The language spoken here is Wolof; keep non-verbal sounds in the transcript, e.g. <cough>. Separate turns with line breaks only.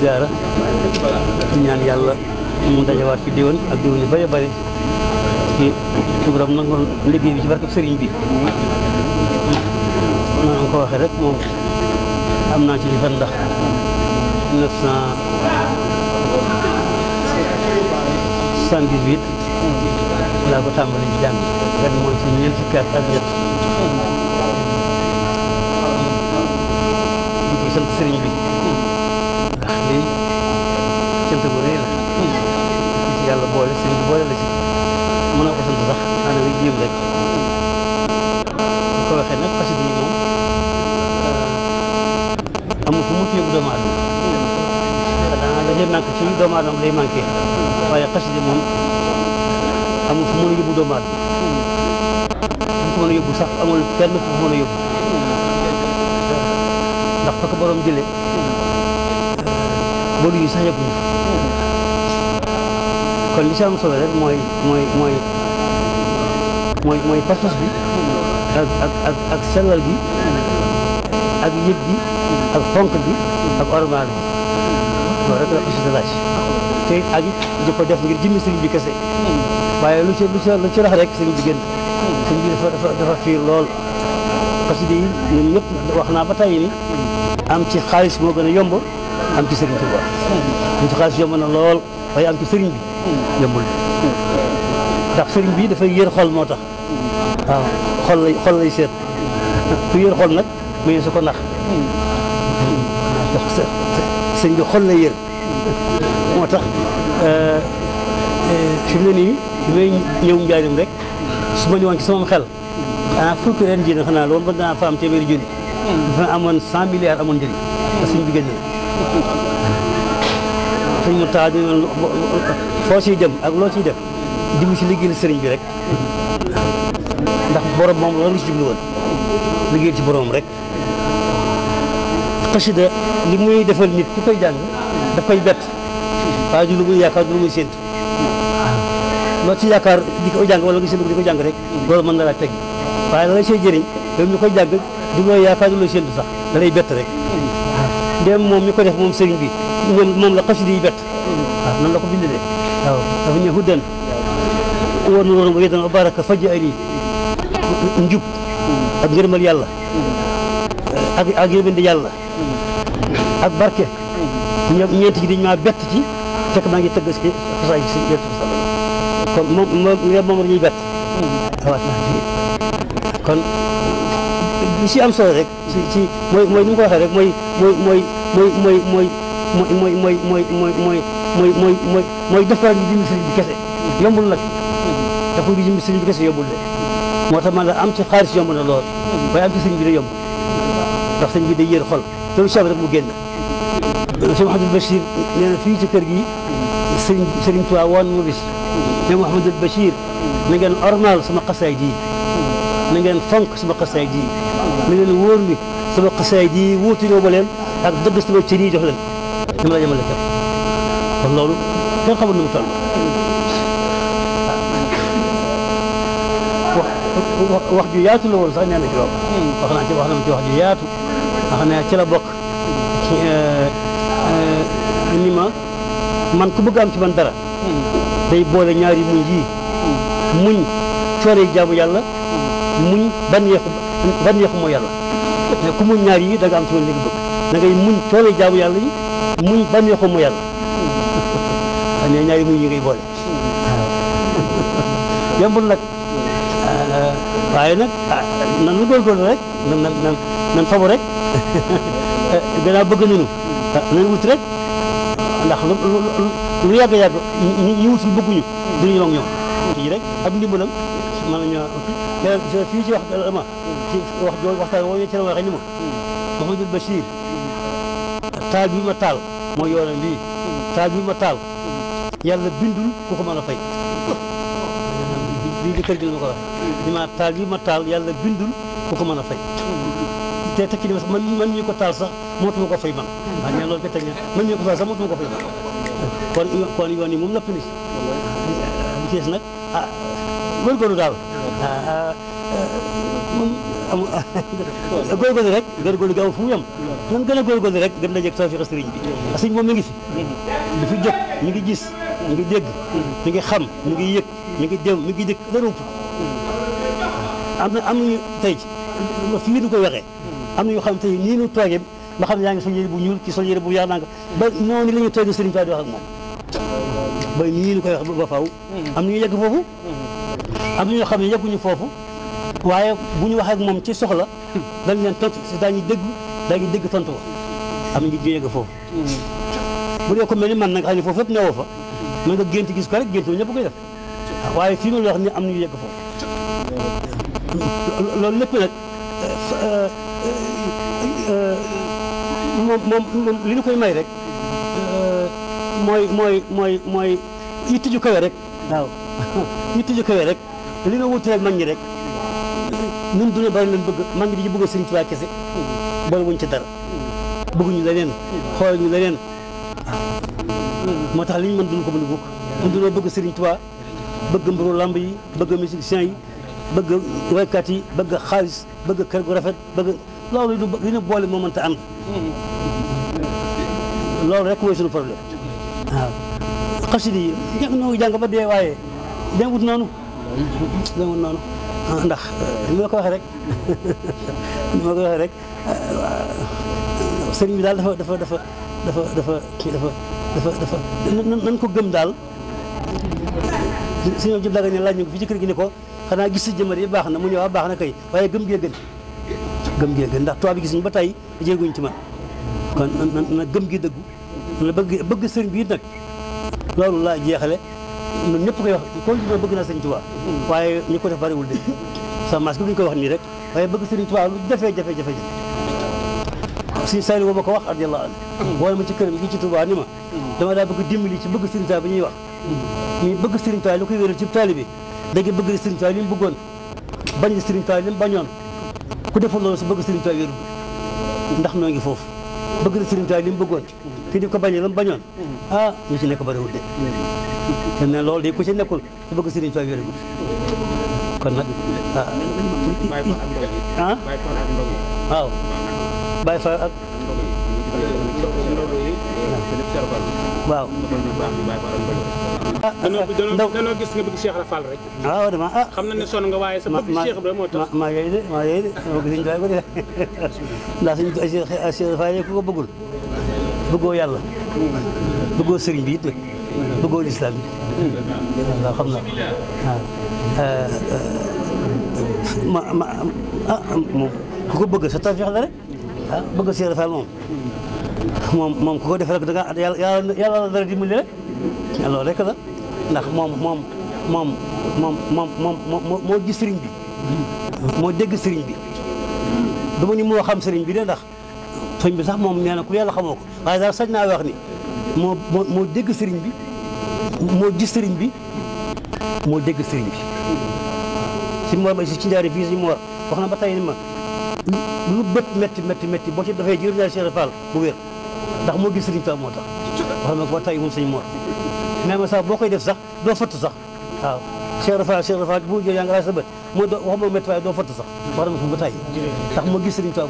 ziara di ñaan yàlla mu dajawaat fi déwén ak déwén yu bëri bëri ci turam nangoon liggéey bi ci barkab sëriñ bi maanaam ko waxee rek moom am naa ci fan ndax 1978 laa ko tàmbali jàng ren mooy ci ñeent fukki at ak ñett sëriñ bi doomu aadama day waaye xasida moom amul fu amul kenn fu mën a yóbbu ndax yi sax yëpp li si am solo mooy mooy mooy bi ak ak ak ak sellal gi ak yëg gi ak fonk gi ak ormaal bi loolu rek la xasida laaj te it ak it di ko def ngir jëmmi sëriñ bi kese waaye lu ci lu ci lu ci rax rek sëriñ bi gën sëriñ bi dafa dafa dafa fiir lool xasida yi ñun ñëpp wax naa ba tey ni ci xaalis moo gën a yomb ci sëriñ Tuuba am ci xaalis yomb na lool waaye am ci sëriñ ndax sëriñ bi dafay yër xol moo tax waaw xol lay lay seet ku yër xol sëñ bi xol la yër moo tax euh, euh, fi mu ne nii li may ñëw njaarim rek su ma ñëwoon ci sama xel ah fukki ren jii nag xanaa loolu ba naa fa am téeméeri junni dafa amoon cent milliards amoon njëriñ parce bi gën na suñ mu tax di foo siy dem ak loo siy def jublu si liggéeyal sëriñ bi rek ndax borom moom loolu la si jublu woon liggéeyal ci borom rek xasida li muy defal nit ku koy jàng daf koy bett waaye du lu muy yaakaar du lu muy séentu loo ci yaakaar di ko jàng wala nga séentu ko jàng rek loolu mën na laa teg waaye la la see jëriñ ñu koy jàng du yaakaar du sax da lay bett rek moom ñu ko def moom sëriñ bi moom moom la xasida yi bett waaw noonu la ko bindee waaw dafa ñëw huddan woon woon ridan baraka faji ali njub ak ngërëmal yàlla ak ak yërmande yàlla ak barke ñoom ñeenti ji dañu maa bett ci fekk maa ngi tëgg si xasaay si yéen si kon moom moom moom la ñuy bett kon li si am solo rek ci ci mooy mooy ni mu ko waxee rek mooy mooy mooy mooy mooy mooy mooy mooy mooy mooy mooy mooy mooy mooy mooy defar gi jëmmi sëriñ bi kese yombul nag defar gi jëmmi sëriñ bi kese yombul de moo tax man la am ci xaalis yomb na lool waaye am ci sëriñ bi da yomb ndax sëñ bi day yéen xol te lu soob rek mu génn sëñ Mouhamadou Bachir nee na fii ci kër gi sëriñ sëriñ Tuubaa woon ma bis ne Mouhamadou Bachir na ngeen ormal sama xasaay ji na ngeen fonk sama xasaay ji na ngeen wóor ni sama xasaay ji wuutuñoo ba leen ak dëgg sama cër yi jox leen dama la jëmale kër kon loolu kenn xamul nu mu toll wax ju yaatu la woon sax nee na ci loolu wax naa ci wax na ci wax ju yaatu nga xam ne ci la bokk ci euh, euh, man ku bëgg am ci man dara day boole ñaari muñ yii muñ coore jaamu yàlla muñ ban yeexu ban yeexu moo yàlla ku muñ ñaari yi da nga am ci man li muñ coore jaamu yàlla yi muñ ban yeexu moo yàlla <laughs> xam ne ñaari muñ yi ngay boole <laughs> yombul nag euh, waaye nag ah, nan góorgóorlu rek nan nan nan fabu rek gannaaw eh, bëgg nañu ah, nañ wut rek ndax lu lu yàgg yàgg ñu wutul bëgguñu duñu ñoom ñoom kii rek ab ci wax ma ci wax waxtaan woo ci la waxee ma Mouhamadou Bachir taal bi ma taal mooy yoonam bii taal bi ma taal yàlla bindul ku ko mën a fay lii di kër gi la ko waxee ni taal bi yàlla bindul ku ko mën a fay te tekki ni man man ko taal sax mootuma ko fay man ko teg man ñu ko taal sax mootuma ko fay man kon kon yoon yi moom napp ni ci des nag ah góorgóorlu daal moom ah, ah, ah, amul <laughs> góorgóorlu rek góorgóorlu gi amul fu mu yem nan gën a góorgóorlu rek gën dajeeg tawfeex sëriñ bi parce que moom mi ngi fi du fi jóg mi ngi gis mi ngi dégg mi ngi xam mi ngi yëg mi ngi dem mi ngi dëkk am na am nañu fii du ko waxee am na ñoo xam te nii ñu toogee ma xam ne yaa ngi sol yére bu ñuul ki sol yére bu yaar nanga ba noonu la ñuy toogee sëriñ moom ba nii ñu koy wax ba faw am na ñu yegg foofu am na ñoo xam ne yegguñu foofu waaye bu ñu wax ak moom ci soxla dañ leen tontu si daañu dégg daañu dégg tontu ko am na ñu yegg bu dee ko mel ni man na nga xam ne foofu yëpp newoo fa mën nga gént gis ko rek gént ñëpp koy def waaye fii ma la wax ni am na ñu yegg foofu loolu lépp nag moom moom li ñu koy may rek euh, mooy mooy mooy mooy yitte ju kawe rek waaw <laughs> yitte ju kawe rek li ñu wuti rek mag ñi rek ñun duna bari lañ bëgg mag ñi dañu bëgg Sëriñ Tuubaa kese boole wuñ ci dara bëgguñu leneen xool ñu leneen moo tax li ñu mën duñu ko mën a bukk ñun dunoo bëgg Sëriñ Tuubaa bëgg mburu lamb yi bëgg musicien yi bëgg waykat yi bëgg xaalis bëgg kër gu rafet bëgg loolu li ñu boole moo mënta am loolu rek mooy suñu problème waaw xasida yi noo jàng ba dee waaye demut noonu demut noonu ah, ndax li ma ko waxee rek li <laughs> ma ko waxee rek sëriñ bi daal dafa dafa dafa dafa dafa dafa dafa dafa nan ko gëm daal si ñoom jëb daga ne laaj ñu ko fi ci kër gi ne ko xanaa gis sa jëmale yi baax na mu ne waa ah baax na kay waaye gëm gee gën gëm gee gën ndax tubaab gis ñu ba tey jéeguñ ci man kon na gëm gi dëggu na bëgg bëgg sëriñ bi nag loolu laa jeexale ñun ñëpp koy wax continué bëgg naa sëriñ Tuubaa waaye ñu ko def bariwul de sa masque duñ wax nii rek waaye bëgg sëriñ Tuubaa lu jafee jafe jafe si sayli boo ba ko wax radiyallahu anhu wala ma ci këram gi ci Tuubaa ni ma dama daa bëgg dimbali ci bëgg sëriñ Tuubaa ñuy wax ñu bëgg sëriñ Tuubaa lu koy wéral ci taalibe bi da bëgg Sëriñ Tuubaa li mu bëggoon bañ a Sëriñ Tuubaa li mu bañoon ku deful loolu su bëgg Sëriñ Tuubaa wéeru ndax noo ngi foofu bëgg na Sëriñ Tuubaa li mu bëggoon te di ko bañee la mu ñu ah, ci nekk bariwul de ne loolu de ku ci nekkul su bëgg Sëriñ Tuubaa wéeru kon nag ah. Ah? waaw. ah danoo gis nga bëgg Cheikh Ibra Fall rek. Ah, waaw dama ah. xam na ne sonn nga waaye sa bëgg Cheikh Ibra moo tax. maa yooyu de maa yooyu de sama bëgg Sëñ Tuubaa ko de ndax Sëñ Cheikh Ibra Fall ku ko bëggul bëggoo yàlla bëggoo sëriñ bi it nag bëggoo lislaam bi waaw xam ah, ah, ma ma ah moom ku ko bëgg sa tawfeex la bëgg Cheikh Ibra Fall moom. moom moom ku ko def rek da nga yàlla yàlla la dara dimbali rek loolu rek la ndax moom moom moom moom moom moom moo gis sëriñ bi moo dégg sëriñ bi du ma ñu moo xam sëriñ bi de ndax sëñ bi sax moom nee na ku yàlla xamoo ko waaye daal sañ naa wax ni moo moo moo dégg sëriñ bi moo gis sëriñ bi moo dégg sëriñ bi si mu war ba si ci njaari fii si mu war wax na ba tey ni ma lu bët métti métti métti boo ci dafay jërëm ñaari Cheikh Fall mu wér ndax moo gis Sëriñ Tuubaa moo tax wax na ko tey moom sëñ Mor même sax boo koy def sax doo fëtt sax waaw Cheikh Fall Cheikh Fall bu jë yaa sa bët moo do wax moo métti waaye doo fëtt sax wax na ko ba tey ndax moo gis Sëriñ moo tax